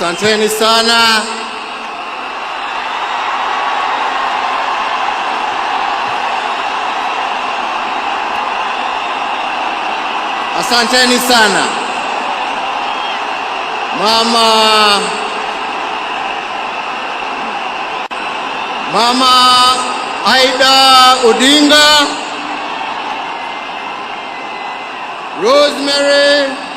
Asanteni sana. Asanteni sana. Mama Mama Aida Odinga Rosemary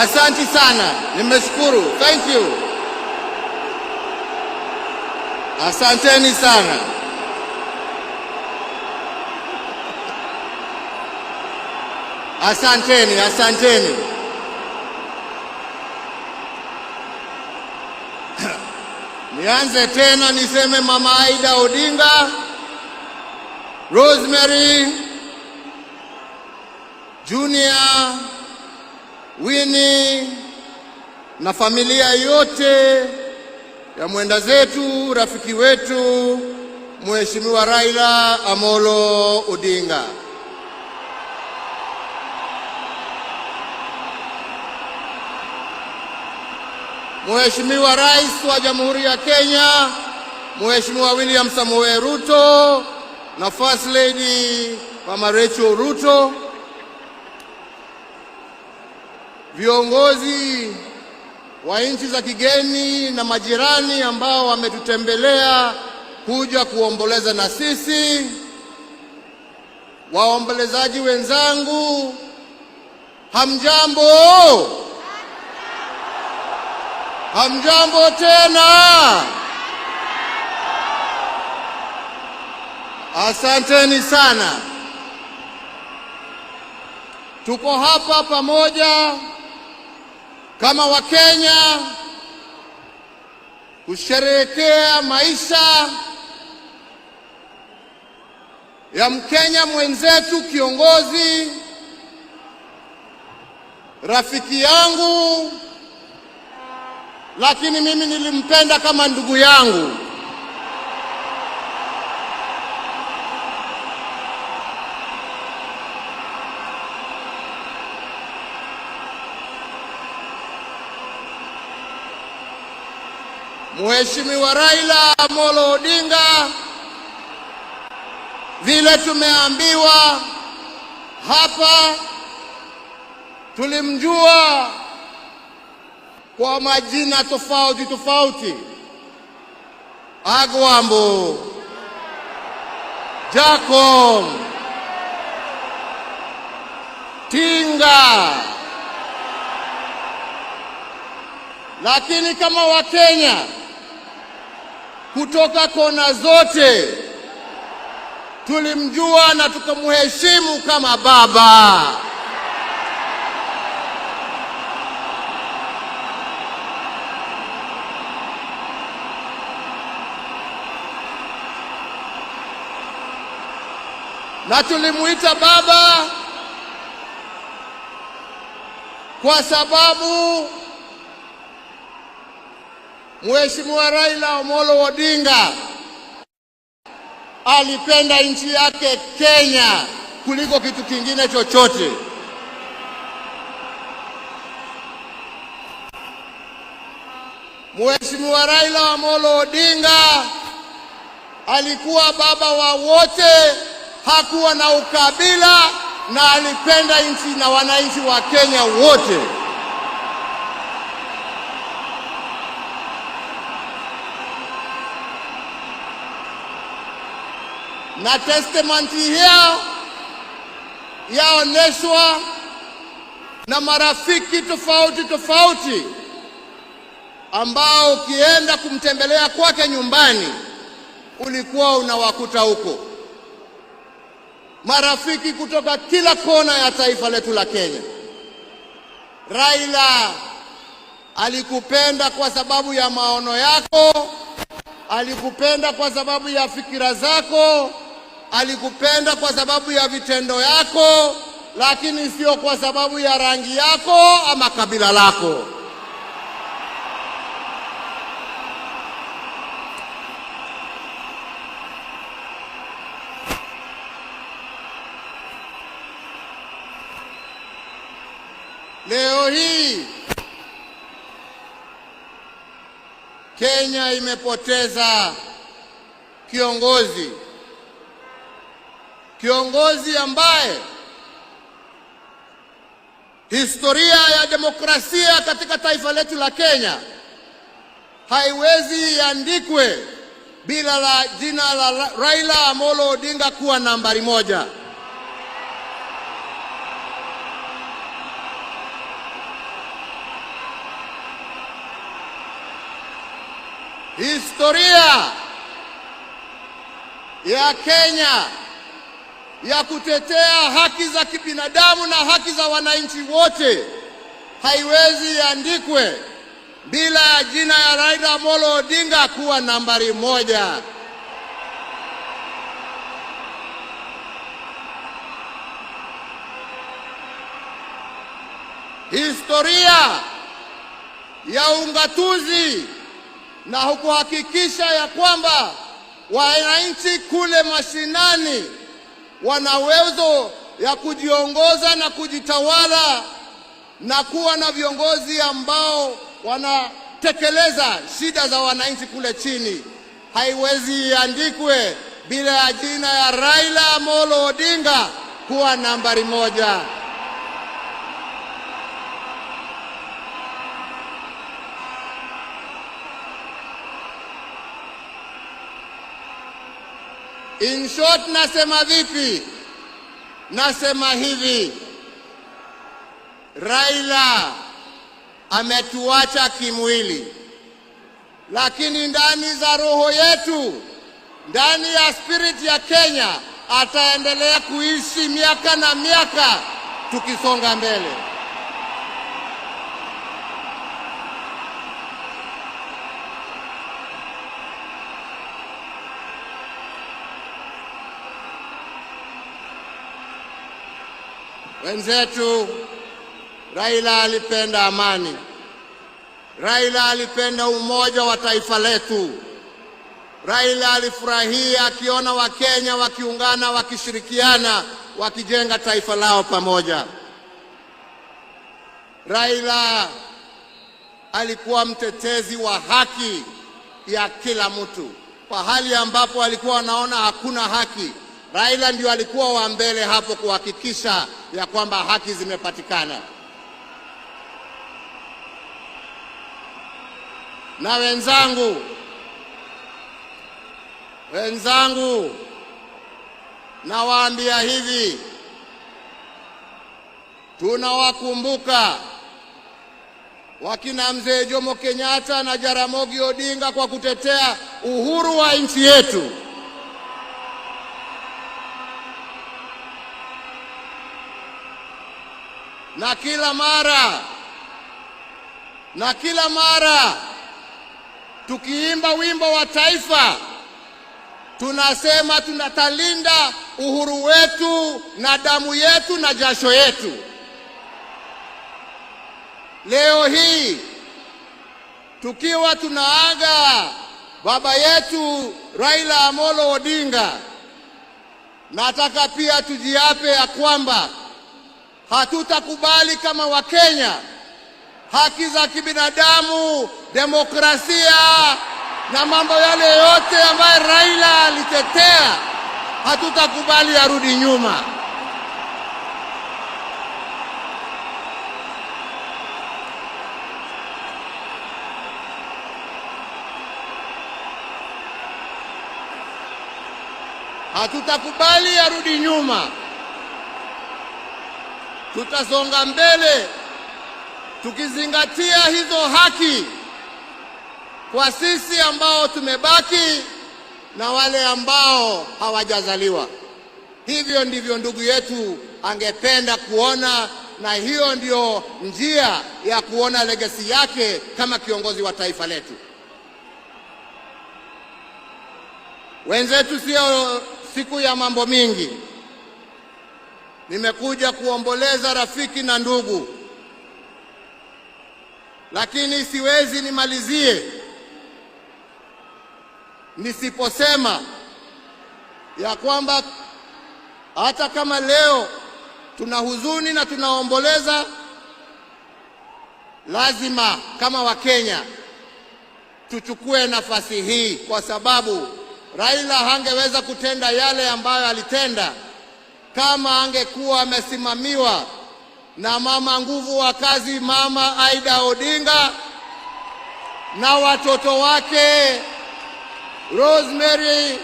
Asanti sana, nimeshukuru. Thank you, asanteni sana. Asanteni, asanteni. Nianze tena niseme Mama Aida Odinga, Rosemary Junior Winnie na familia yote ya mwenda zetu rafiki wetu Mheshimiwa Raila Amolo Odinga. Mheshimiwa Rais wa Jamhuri ya Kenya, Mheshimiwa William Samoei Ruto na First Lady Mama Rachel Ruto. viongozi wa nchi za kigeni na majirani ambao wametutembelea kuja kuomboleza na sisi. Waombolezaji wenzangu, hamjambo? Hamjambo tena? Asanteni sana. Tuko hapa pamoja kama Wakenya kusherehekea maisha ya Mkenya mwenzetu, kiongozi, rafiki yangu, lakini mimi nilimpenda kama ndugu yangu. Mheshimiwa Raila Amolo Odinga, vile tumeambiwa hapa, tulimjua kwa majina tofauti tofauti, Agwambo, Jacom, Tinga, lakini kama Wakenya kutoka kona zote. Tulimjua na tukamheshimu kama baba. na tulimuita baba kwa sababu Mheshimiwa Raila Omolo Odinga alipenda nchi yake Kenya kuliko kitu kingine chochote. Mheshimiwa Raila Omolo Odinga alikuwa baba wa wote, hakuwa na ukabila na alipenda nchi na wananchi wa Kenya wote. na testament hiyo yaoneshwa na marafiki tofauti tofauti ambao ukienda kumtembelea kwake nyumbani ulikuwa unawakuta huko marafiki kutoka kila kona ya taifa letu la Kenya. Raila alikupenda kwa sababu ya maono yako, alikupenda kwa sababu ya fikira zako. Alikupenda kwa sababu ya vitendo yako, lakini sio kwa sababu ya rangi yako ama kabila lako. Leo hii Kenya imepoteza kiongozi kiongozi ambaye historia ya demokrasia katika taifa letu la Kenya haiwezi iandikwe bila la jina la Raila Amolo Odinga kuwa nambari moja. Historia ya Kenya ya kutetea haki za kibinadamu na haki za wananchi wote haiwezi iandikwe bila ya jina ya Raila Amolo Odinga kuwa nambari moja. Historia ya ungatuzi na hukuhakikisha ya kwamba wananchi kule mashinani wana uwezo ya kujiongoza na kujitawala na kuwa na viongozi ambao wanatekeleza shida za wananchi kule chini. Haiwezi iandikwe bila ya jina ya Raila Amolo Odinga kuwa nambari moja. In short, nasema vipi? Nasema hivi, Raila ametuacha kimwili, lakini ndani za roho yetu, ndani ya spirit ya Kenya ataendelea kuishi miaka na miaka tukisonga mbele. Wenzetu, Raila alipenda amani. Raila alipenda umoja wa taifa letu. Raila alifurahia akiona Wakenya wakiungana, wakishirikiana, wakijenga taifa lao pamoja. Raila alikuwa mtetezi wa haki ya kila mtu, kwa hali ambapo alikuwa anaona hakuna haki Raila ndio alikuwa wa mbele hapo kuhakikisha ya kwamba haki zimepatikana, na wenzangu wenzangu, nawaambia hivi, tunawakumbuka wakina mzee Jomo Kenyatta na Jaramogi Odinga kwa kutetea uhuru wa nchi yetu. na kila mara na kila mara tukiimba wimbo wa taifa tunasema tunatalinda uhuru wetu na damu yetu na jasho yetu. Leo hii tukiwa tunaaga baba yetu Raila Amolo Odinga, nataka pia tujiape ya kwamba Hatutakubali kama Wakenya haki za kibinadamu, demokrasia na mambo yale yote ambayo Raila alitetea, hatutakubali arudi nyuma. Hatutakubali arudi nyuma tutasonga mbele tukizingatia hizo haki kwa sisi ambao tumebaki na wale ambao hawajazaliwa. Hivyo ndivyo ndugu yetu angependa kuona, na hiyo ndiyo njia ya kuona legacy yake kama kiongozi wa taifa letu. Wenzetu, sio siku ya mambo mingi nimekuja kuomboleza rafiki na ndugu, lakini siwezi nimalizie nisiposema ya kwamba hata kama leo tuna huzuni na tunaomboleza, lazima kama Wakenya tuchukue nafasi hii, kwa sababu Raila hangeweza kutenda yale ambayo alitenda kama angekuwa amesimamiwa na mama nguvu wa kazi, mama Aida Odinga na watoto wake Rosemary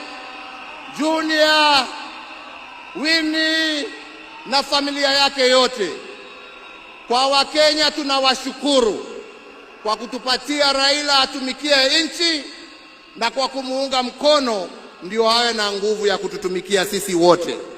Junior, Winnie na familia yake yote. Kwa Wakenya tunawashukuru kwa kutupatia Raila atumikie nchi na kwa kumuunga mkono ndio awe na nguvu ya kututumikia sisi wote.